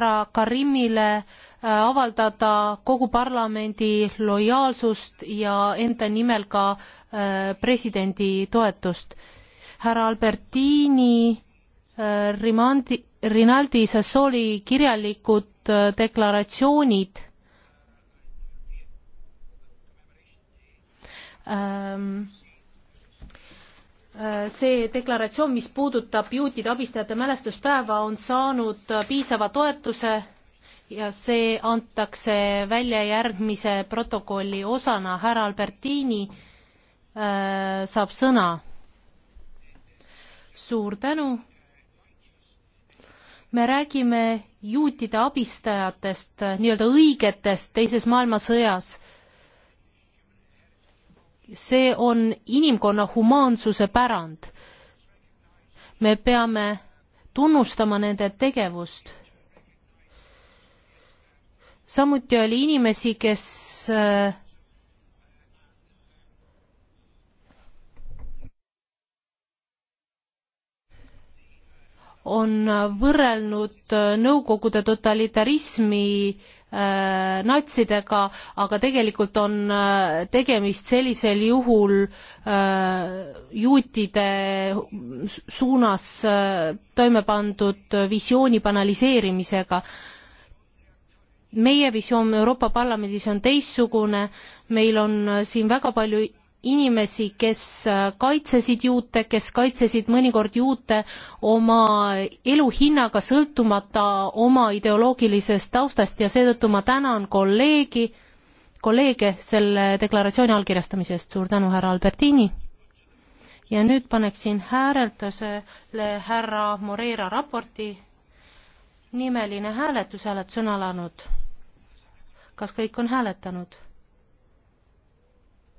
härra Karimile äh, avaldada kogu parlamendi lojaalsust ja enda nimel ka äh, presidendi toetust. härra Albertini äh, Rimandi, Rinaldi Sassooli kirjalikud deklaratsioonid ähm, see deklaratsioon, mis puudutab juutide abistajate mälestuspäeva, on saanud piisava toetuse ja see antakse välja järgmise protokolli osana. härra Albertini äh, saab sõna. suur tänu. me räägime juutide abistajatest, äh, nii-öelda õigetest teises maailmasõjas see on inimkonna humaansuse pärand. me peame tunnustama nende tegevust. samuti oli inimesi, kes äh, on võrrelnud äh, Nõukogude totalitarismi äh, Äh, natsidega, aga tegelikult on äh, tegemist sellisel juhul äh, juutide suunas toime pandud visiooni banaliseerimisega. meie visioon Euroopa Parlamendis on teistsugune, meil on siin väga palju inimesi, kes äh, kaitsesid juute, kes kaitsesid mõnikord juute oma eluhinnaga sõltumata oma ideoloogilisest taustast ja seetõttu ma tänan kolleegi, kolleege selle deklaratsiooni allkirjastamise eest, suur tänu, härra Albertini! ja nüüd paneksin hääletusele härra Moreira raporti nimeline hääletus, hääletus on alanud. kas kõik on hääletanud?